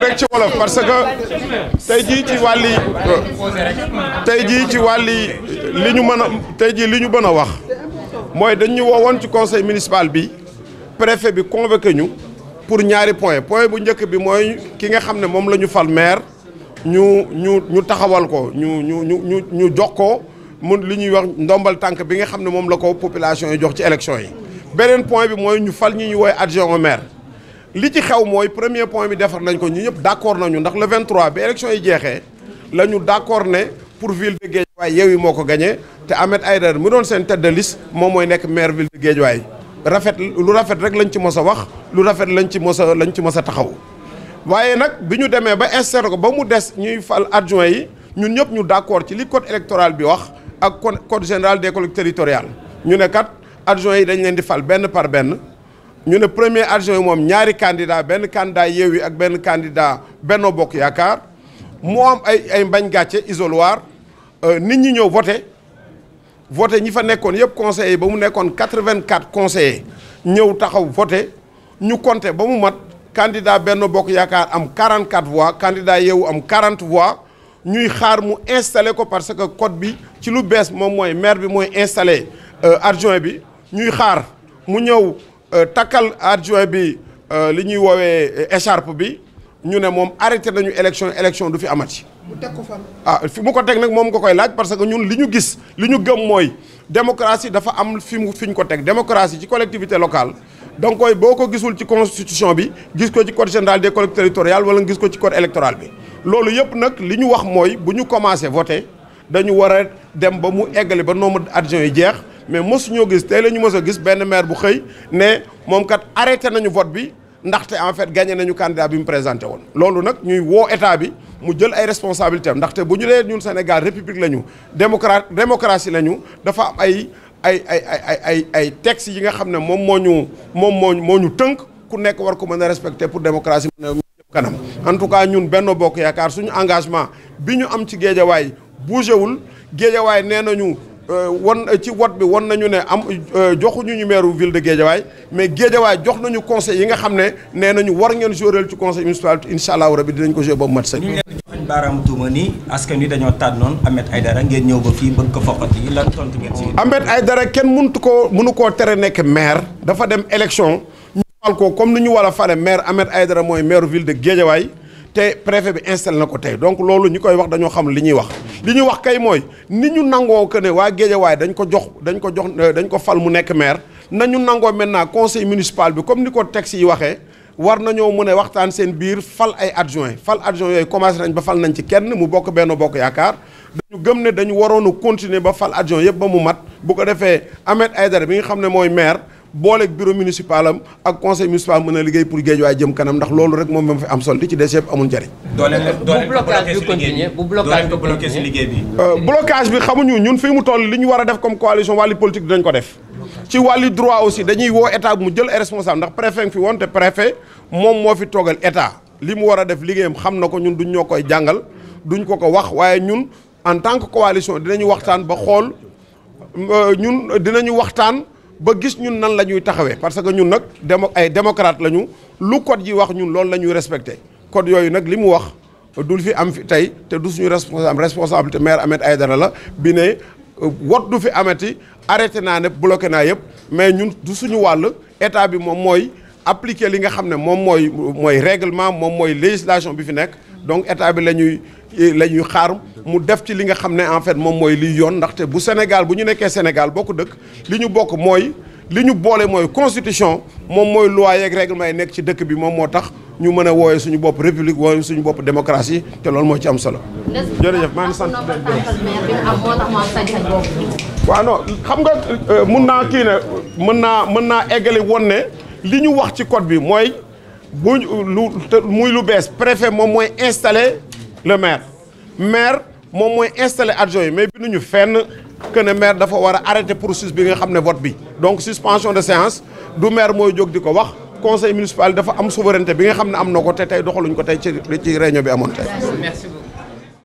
rek ci parce que tey ji ci wàlli tey jii ci wàlli li ñu mën a tey jii li ñu mën a wax mooy dañuy ñu woowoon ci conseil municipal bi préfet bi convoqué ñu pour ñaari point point bu njëkk bi mooy ki nga xam ne moom la ñu fal maire ñu ñu ñu taxawal ko ñu ñu ñu ñu ñu jox ko mun li ñuy wax ndombal tànk bi nga xam ne moom la ko population yi jox ci élection yi beneen point bi mooy ñu fal ñi ñu woowe adjoint au maire li ci xew mooy premier point bi defar nañ ko ñu ñëpp d'accord nañu ndax le 23 bi élection yi jeexee la ñu d'accord ne pour ville de Guédiawaye Yewwi moo ko gañee te Ahmed Aïdara mu doon seen tête de moom mooy nekk maire ville de Guédiawaye rafet lu rafet rek lañ ci mos a wax lu rafet lañ ci mos lañ ci mos a taxaw waaye nag bi ñu demee ba instauré ko ba mu des ñuy fal adjoint yi ñun ñëpp ñu d'accord ci li code électoral bi wax ak code général des collectivités territoriales ñu ne kat adjoint yi dañ leen di fal benn par benn. ñu ne premier adjoint yi moom ñaari candidat benn candidat Yewwi ak benn candidat Benno Bokk Yaakaar moo am ay ay mbañ gàcce isoloir euh, nit ñi ñëw voté voté ñi fa nekkoon yëpp conseillers ba mu nekkoon quatre-vingt-quatre conseillers ñëw taxaw voté ñu compté ba mu mat candidat Benno Bokk Yaakaar am 44 voix candidat Yewwi am 40 voix ñuy xaar mu installé ko parce que code bi ci lu bees moom mooy maire bi mooy installé euh, adjoint bi ñuy xaar mu ñëw Euh, takkal adjoint bi euh, li ñuy woowee euh, écharpe bi ñu ne moom arreter nañu élection élection du fi amati. mu teg ko fan. ah fi mu ko teg nag moom nga koy laaj parce que ñun li ñu gis li ñu gëm mooy démocratie dafa am fi mu fi ñu ko teg démocratie ci collectivité locale. donc koy boo ko gisul ci constitution bi gis ko ci code général des collectivités territoriales wala gis ko ci code électoral bi loolu yëpp nag li ñu wax mooy bu ñu commencé voter dañu war a dem ba mu eggale ba nombre d'adjoints yi jeex. mais mosuñoo gis tey la ñu mos a gis benn maire bu xëy ne moom kat arrêté nañu vote bi ndaxte en fait gagné nañu candidat bi mu présenté woon. loolu nag ñuy woo état bi mu ay responsabilités ndaxte bu ñu nee ñun Sénégal république la ñu démocra démocratie la ñu dafa am ay ay ay ay ay ay textes yi nga xam ne moom moo ñu moom moo moo ñu tënk ku nekk war ko mën a respecté pour démocratie kanam en tout cas ñun benn Bokk Yaakaar suñu engagement bi ñu am ci géejawaay bougéwul géejawaay nee nañu. Euh, wan euh, ci wot bi wan nañu ne am euh, joxuñu ñu meeru ville de Guédiawaye mais Guédiawaye jox nañu conseil yi nga xam ne nee nañu war ngeen jouer ci conseil municipal incha allahu rabi dinañ ko jouer boobu mat sëñ. baaraam tuuma ni askan wi dañoo tànnoon Ahmed Aïdara ngeen ñëw ba fii bëgg ko foqat yi lan tontu ngeen si. Ahmed Aïdara kenn mënut koo mënu koo tere nekk maire dafa dem élection ñu fal comme ni ñu war a fale maire Ahmed Aïdara mooy maire ville de Guédiawaye te préfet bi installé na ko tey donc loolu ñu koy wax dañoo xam li ñuy wax. li ñu wax kay mooy ni ñu nangoo ko ne waa Guédiawaye dañ ko jox dañ ko jox euh, dañ ko fal mu nekk maire ñu nangoo maintenant conseil municipal bi comme ni ko texte yi waxee war nañoo mën a waxtaan seen biir fal ay adjoint fal adjoint yooyu commencé nañ ba fal nañ ci kenn mu bokk benn bokk yaakaar dañu gëm ne dañu waroon a continuer ba fal adjoint yëpp ba mu mat bu ko defee Ahmed Aïdara bi nga xam ne mooy maire booleeg bureau municipal am ak conseil municipal mën a liggéey pour Guédiawaye jëm kanam ndax loolu rek moom ma fi am solo ci des yëpp amul njariñ. bu blocage bi liggéey bi. Euh, bi xamuñu ñun fii mu toll li ñu war def comme coalition wàllu politique dinañ ko def. ci wàllu droit aussi dañuy woo état mu jël responsable ndax préfet nga fi woon te préfet moom moo fi toogal état li mu war a def liggéeyam xam na ko ñun duñ ñoo koy jàngal duñ ko ko wax waaye ñun en tant que coalition dinañu waxtaan ba xool euh, ñun dinañu waxtaan. ba gis ñun nan la ñuy taxawee parce que ñun nag demo ay démocrate lañu lu code yi wax ñun loolu la ñuy respecté code yooyu nag li mu wax dul fi am fi tey te du suñu responsable responsabilité maire ay Aïdara la bi ne euh, wot du fi amati arrêté naa ne bloqué naa yëpp mais ñun du suñu wàll état bi moom mooy appliquer li nga xam ne moom mooy mooy règlement moom mooy législation bi fi nekk donc état bi la ñuy la ñuy xaar mu def ci li nga xam ne en fait moom mooy liy yoon ndaxte bu Sénégal bu ñu nekkee Sénégal bokk dëkk li ñu bokk mooy li ñu boole mooy constitution moom mooy loi yeeg règlement yi nekk ci dëkk bi moom moo tax ñu mën a suñu bopp république wooyee suñu bopp démocratie te loolu moo ci am solo. jërëjëf maa sant waaw xam nga euh, mun naa kii ne mën naa mën naa eggale woon ne li ñu wax ci code bi mooy. bu lu muy lu bees préfet moom mooy installer le maire maire moom mooy installer adjoint yi mais bi ñu fenn que maire dafa war a arrêter processus bi nga xam ne vote bi donc suspension de séance du maire mooy jóg di ko wax conseil municipal dafa am souveraineté bi nga xam ne am na ko te tey doxaluñ ko tey ci ci réunion bi amoon tey.